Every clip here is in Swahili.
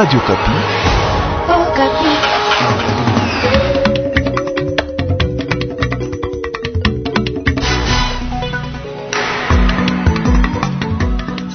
Radio Okapi. Oh, Okapi.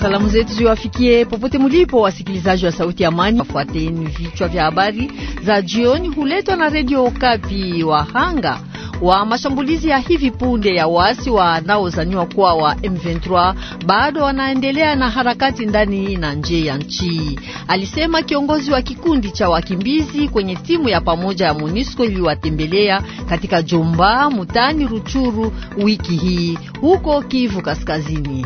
Salamu zetu ziwafikie popote mulipo, wasikilizaji wa Sauti ya Amani. Wafuateni vichwa vya habari za jioni, huletwa na Radio kapi Wahanga wa mashambulizi ya hivi punde ya waasi wanaozaniwa kuwa wa M23 bado wanaendelea na harakati ndani na nje ya nchi, alisema kiongozi wa kikundi cha wakimbizi kwenye timu ya pamoja ya MONUSCO iliyowatembelea katika Jomba, Mutani, Ruchuru wiki hii huko Kivu Kaskazini.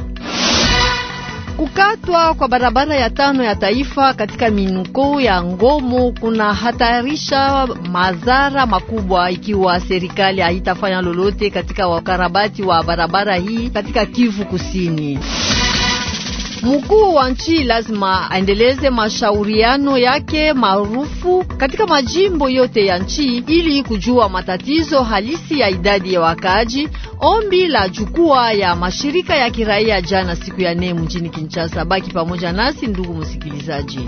Kukatwa kwa barabara ya tano ya taifa katika minuko ya Ngomo kunahatarisha madhara makubwa ikiwa serikali haitafanya lolote katika wakarabati wa barabara hii katika Kivu Kusini. Mkuu wa nchi lazima aendeleze mashauriano yake maarufu katika majimbo yote ya nchi ili kujua matatizo halisi ya idadi ya wakaaji. Ombi la jukwaa ya mashirika ya kiraia jana siku ya nne mjini Kinshasa. Baki pamoja nasi ndugu msikilizaji.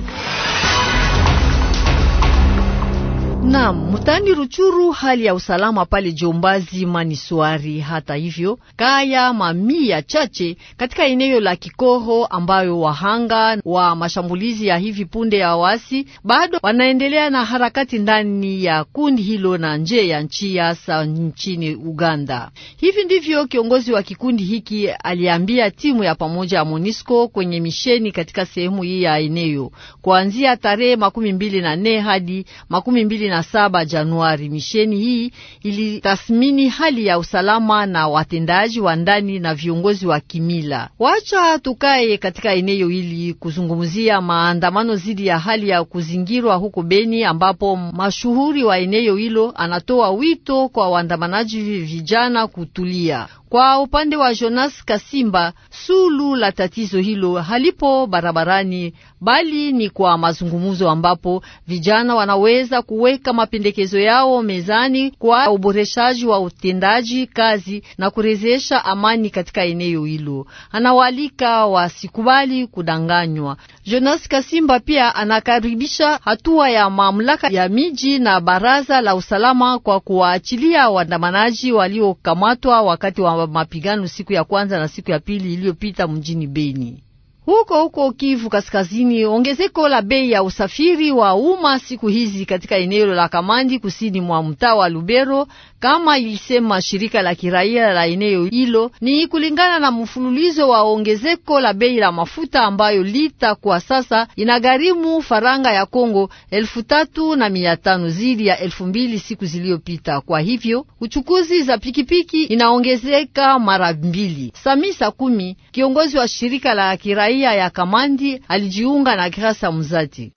Na mtani Ruchuru hali ya usalama pale Jombazi maniswari. Hata hivyo, kaya mamia chache katika eneo la kikoho ambayo wahanga wa mashambulizi ya hivi punde ya wasi bado wanaendelea na harakati ndani ya kundi hilo na nje ya nchi hasa nchini Uganda. Hivi ndivyo kiongozi wa kikundi hiki aliambia timu ya pamoja ya Monisco kwenye misheni katika sehemu hii ya eneo kuanzia tarehe makumi mbili na nne hadi makumi mbili 27 Januari. Misheni hii ilitathmini hali ya usalama na watendaji wa ndani na viongozi wa kimila. Wacha tukae katika eneo hili kuzungumzia maandamano dhidi ya hali ya kuzingirwa huko Beni, ambapo mashuhuri wa eneo hilo anatoa wito kwa waandamanaji vijana kutulia. Kwa upande wa Jonas Kasimba, sulu la tatizo hilo halipo barabarani, bali ni kwa mazungumzo ambapo vijana wanaweza kuweka kuweka mapendekezo yao mezani kwa uboreshaji wa utendaji kazi na kurejesha amani katika eneo hilo. Anawaalika wasikubali kudanganywa. Jonas Kasimba pia anakaribisha hatua ya mamlaka ya miji na baraza la usalama kwa kuwaachilia waandamanaji waliokamatwa wakati wa mapigano siku ya kwanza na siku ya pili iliyopita mjini Beni. Huko huko Kivu Kaskazini, ongezeko la bei ya usafiri wa umma siku hizi katika eneo la Kamandi kusini mwa mtaa wa Lubero, kama ilisema shirika la kiraia la eneo hilo, ni kulingana na mfululizo wa ongezeko la bei la mafuta ambayo lita kwa sasa inagharimu faranga ya Kongo elfu tatu na mia tano zidi ya elfu mbili siku ziliyopita. Kwa hivyo uchukuzi za pikipiki inaongezeka mara mbili. Samisa Kumi, kiongozi wa shirika la kiraia raia ya Kamandi alijiunga na Grasa Mzati.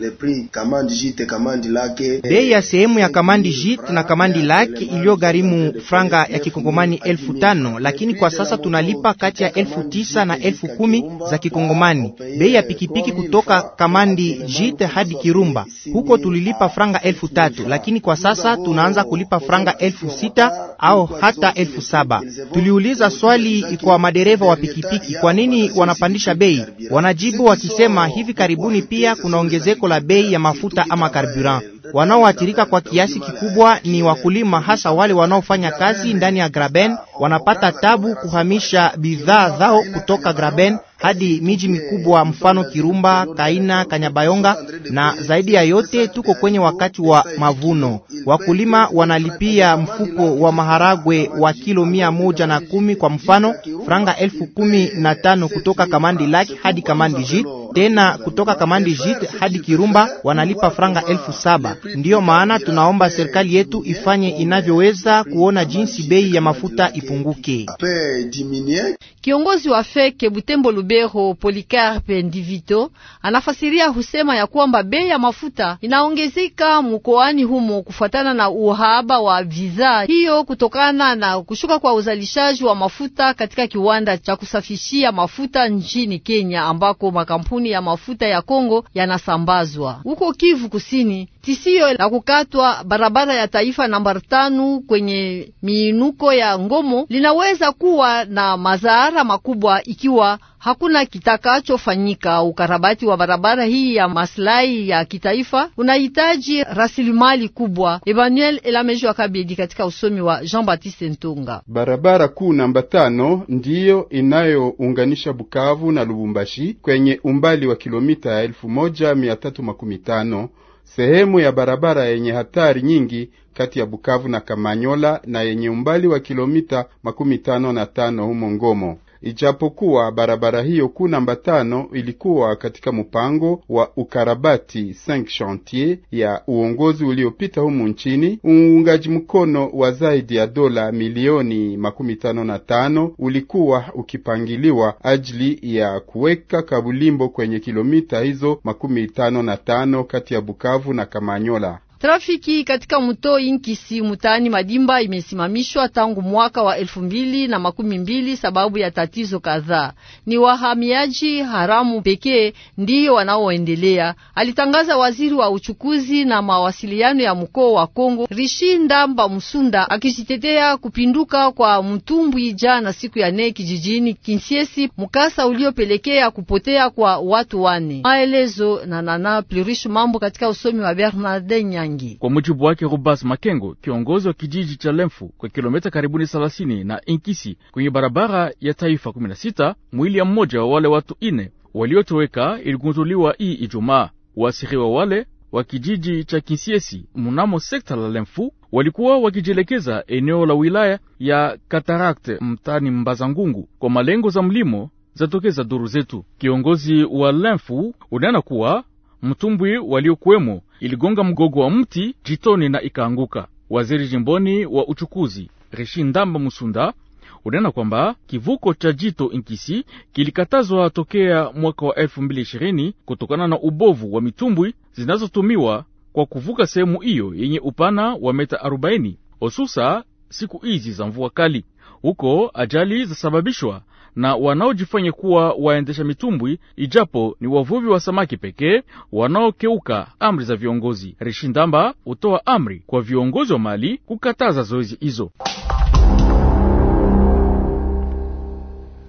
Eh, eh, Bei ya sehemu ya Kamandi Jit eh, na Kamandi Lake iliyogharimu franga ya kikongomani elfu tano lakini kwa sasa tunalipa kati ya elfu tisa na elfu kumi za kikongomani. Bei ya pikipiki kutoka Kamandi Jit hadi Kirumba huko tulilipa franga elfu tatu lakini kwa sasa tunaanza kulipa franga elfu sita au hata elfu saba. Tuliuliza swali kwa madereva wa pikipiki, kwa nini wanapa kupandisha bei? Wanajibu wakisema hivi karibuni pia kuna ongezeko la bei ya mafuta ama carburant. Wanaoathirika kwa kiasi kikubwa ni wakulima, hasa wale wanaofanya kazi ndani ya Graben. Wanapata tabu kuhamisha bidhaa zao kutoka Graben hadi miji mikubwa, mfano Kirumba, Kaina, Kanyabayonga. Na zaidi ya yote, tuko kwenye wakati wa mavuno. Wakulima wanalipia mfuko wa maharagwe wa kilo mia moja na kumi kwa mfano franga elfu kumi na tano kutoka Kamandi Lake hadi Kamandi Jit tena kutoka Kamandi Jit hadi Kirumba wanalipa franga elfu saba. Ndiyo maana tunaomba serikali yetu ifanye inavyoweza kuona jinsi bei ya mafuta ipunguke. Kiongozi wa feke Butembo Lubero, Polikarpe Ndivito, anafasiria husema ya kwamba bei ya mafuta inaongezeka mkoani humo kufuatana na uhaba wa viza hiyo kutokana na kushuka kwa uzalishaji wa mafuta katika kiwanda cha kusafishia mafuta nchini Kenya ambako makampuni ya mafuta ya Kongo yanasambazwa. Huko Kivu Kusini, tisio la kukatwa barabara ya taifa namba tano kwenye miinuko ya Ngomo linaweza kuwa na mazara madhara makubwa ikiwa hakuna kitakachofanyika. Ukarabati wa barabara hii ya maslahi ya kitaifa unahitaji rasilimali kubwa. Emmanuel Elamejo Akabedi katika usomi wa Jean-Baptiste Ntunga. Barabara kuu namba tano ndiyo inayounganisha Bukavu na Lubumbashi kwenye umbali wa kilomita ya elfu moja mia tatu makumi tano sehemu ya barabara yenye hatari nyingi kati ya Bukavu na Kamanyola na yenye umbali wa kilomita makumi tano na tano humo Ngomo ijapokuwa barabara hiyo kuu namba tano ilikuwa katika mpango wa ukarabati cinq chantier ya uongozi uliopita humu nchini. Uungaji mkono wa zaidi ya dola milioni makumi tano na tano ulikuwa ukipangiliwa ajili ya kuweka kabulimbo kwenye kilomita hizo makumi tano na tano kati ya Bukavu na Kamanyola. Trafiki katika mto Inkisi mtaani Madimba imesimamishwa tangu mwaka wa elfu mbili na makumi mbili sababu ya tatizo kadhaa. Ni wahamiaji haramu pekee ndiyo wanaoendelea, alitangaza waziri wa uchukuzi na mawasiliano ya mkoa wa Kongo Rishi Ndamba Musunda akijitetea kupinduka kwa mtumbwi jana siku ya nne kijijini Kinsiesi, mkasa uliopelekea kupotea kwa watu wane. Maelezo na nana Plurish Mambo katika usomi wa Bernard Nyanya wengi. Kwa mujibu wake Rubas Makengo, kiongozi wa kijiji cha Lemfu, kwa kilomita karibuni 30 na Inkisi kwenye barabara ya taifa 16, mwili ya mmoja wa wale watu ine waliotoweka iligunduliwa hii Ijumaa. Waasiriwa wale wa kijiji cha Kinsiesi munamo sekta la Lemfu walikuwa wakijielekeza eneo la wilaya ya Katarakte mtani Mbazangungu kwa malengo za mlimo, zatokeza duru zetu. Kiongozi wa Lemfu unena kuwa mtumbwi waliokuwemo iligonga mgogo wa mti jitoni na ikaanguka. Waziri jimboni wa uchukuzi Rishi Ndamba Musunda unena kwamba kivuko cha jito Inkisi kilikatazwa tokea mwaka wa 2020 kutokana na ubovu wa mitumbwi zinazotumiwa kwa kuvuka sehemu hiyo yenye upana wa meta 40 hususa siku hizi za mvua kali. Huko ajali zasababishwa na wanaojifanya kuwa waendesha mitumbwi, ijapo ni wavuvi wa samaki pekee wanaokeuka amri za viongozi. Reshindamba hutoa amri kwa viongozi wa mali kukataza zoezi hizo.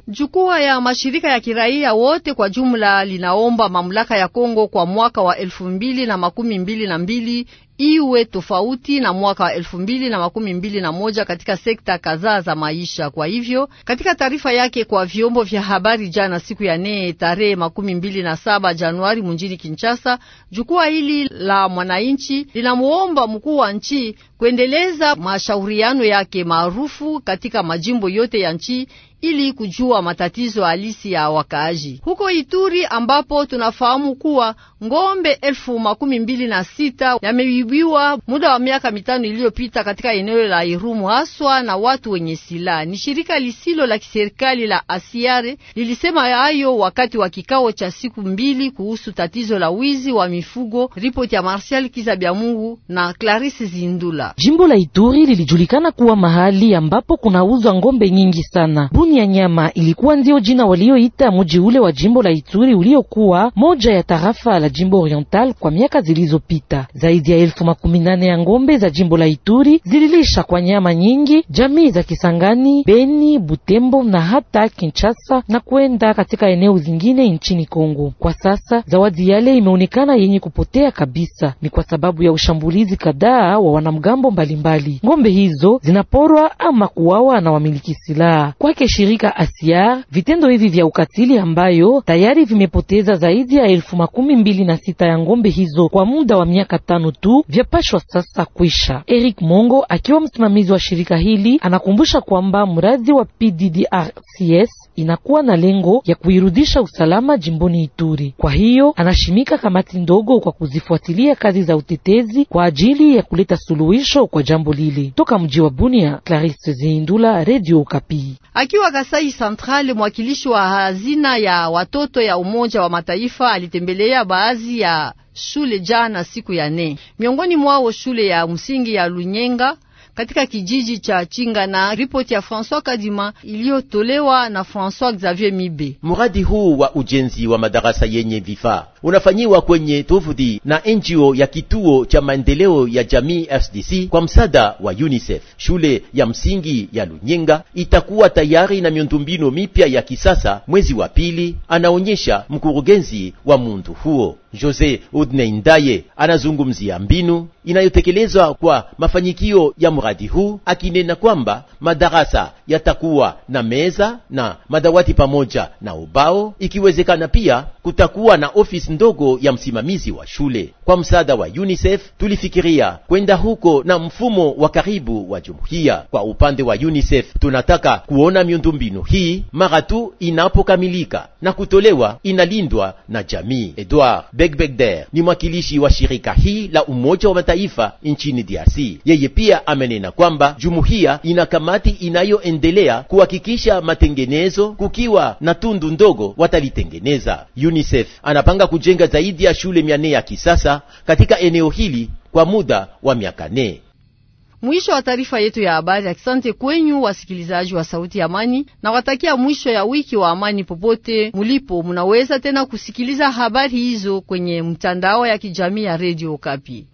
Jukwaa ya mashirika ya kiraia wote kwa jumla linaomba mamlaka ya Kongo kwa mwaka wa elfu mbili na makumi mbili na mbili iwe tofauti na mwaka wa elfu mbili na makumi mbili na moja katika sekta kadhaa za maisha. Kwa hivyo, katika taarifa yake kwa vyombo vya habari jana siku ya nne tarehe makumi mbili na saba Januari mjini Kinshasa, jukwaa hili la mwananchi linamuomba mkuu wa nchi kuendeleza mashauriano yake maarufu katika majimbo yote ya nchi ili kujua matatizo halisi ya wakaaji huko Ituri, ambapo tunafahamu kuwa ngombe elfu makumi mbili na sita yameibiwa muda wa miaka mitano iliyopita katika eneo la Irumu, haswa na watu wenye silaha. Ni shirika lisilo la kiserikali la Asiare lilisema hayo wakati wa kikao cha siku mbili kuhusu tatizo la wizi wa mifugo. Ripoti ya Martial Kizabiamungu na Clarisse Zindula. Jimbo la Ituri lilijulikana kuwa mahali ambapo kunauzwa ngombe nyingi sana Buni ya nyama ilikuwa ndio jina walioita mji ule wa jimbo la Ituri uliokuwa moja ya tarafa la jimbo Oriental kwa miaka zilizopita. Zaidi ya elfu makumi nane ya ngombe za jimbo la Ituri zililisha kwa nyama nyingi jamii za Kisangani, Beni, Butembo na hata Kinshasa na kwenda katika eneo zingine nchini Kongo. Kwa sasa zawadi yale imeonekana yenye kupotea kabisa, ni kwa sababu ya ushambulizi kadhaa wa wanamgambo mbalimbali mbali. Ngombe hizo zinaporwa ama kuwawa na wamiliki silaha kwake shirika Asiar vitendo hivi vya ukatili ambayo tayari vimepoteza zaidi ya elfu makumi mbili na sita ya ngombe hizo kwa muda wa miaka tano tu vyapashwa sasa kwisha. Eric Mongo akiwa msimamizi wa shirika hili anakumbusha kwamba mradi wa PDDRCS inakuwa na lengo ya kuirudisha usalama jimboni Ituri. Kwa hiyo anashimika kamati ndogo kwa kuzifuatilia kazi za utetezi kwa ajili ya kuleta suluhisho kwa jambo lile. Toka mji wa Bunia, Clarisse Zindula, Radio Kapi. Akiwa Kasai Central, mwakilishi wa hazina ya watoto ya Umoja wa Mataifa alitembelea baadhi ya shule jana siku ya nne, miongoni mwao shule ya msingi ya Lunyenga katika kijiji cha Chinga, na ripoti ya François Kadima iliyotolewa na François Xavier Mibe. Mradi huu wa ujenzi wa madarasa yenye vifaa unafanyiwa kwenye tovuti na NGO ya kituo cha maendeleo ya jamii FDC kwa msaada wa UNICEF. Shule ya msingi ya Lunyenga itakuwa tayari na miundombinu mipya ya kisasa mwezi wa pili, anaonyesha mkurugenzi wa mundu huo. Jose udney Ndaye anazungumzia mbinu inayotekelezwa kwa mafanyikio ya mradi huu, akinena kwamba madarasa yatakuwa na meza na madawati pamoja na ubao. Ikiwezekana pia kutakuwa na ofisi ndogo ya msimamizi wa shule. Kwa msaada wa UNICEF tulifikiria kwenda huko na mfumo wa karibu wa jumuiya. Kwa upande wa UNICEF tunataka kuona miundombinu hii mara tu inapokamilika na kutolewa inalindwa na jamii. Edward Begberder ni mwakilishi wa shirika hii la Umoja wa Mataifa nchini DRC. Yeye pia amenena kwamba jumuiya ina kamati inayoendelea kuhakikisha matengenezo, kukiwa na tundu ndogo watalitengeneza. UNICEF anapanga kujenga zaidi ya shule mia nne ya kisasa katika eneo hili kwa muda wa miaka nne. Mwisho wa taarifa yetu ya habari. Asante kwenyu wasikilizaji wa Sauti ya Amani, na watakia mwisho ya wiki wa amani popote mulipo. Munaweza tena kusikiliza habari hizo kwenye mtandao ya kijamii ya redio Kapi.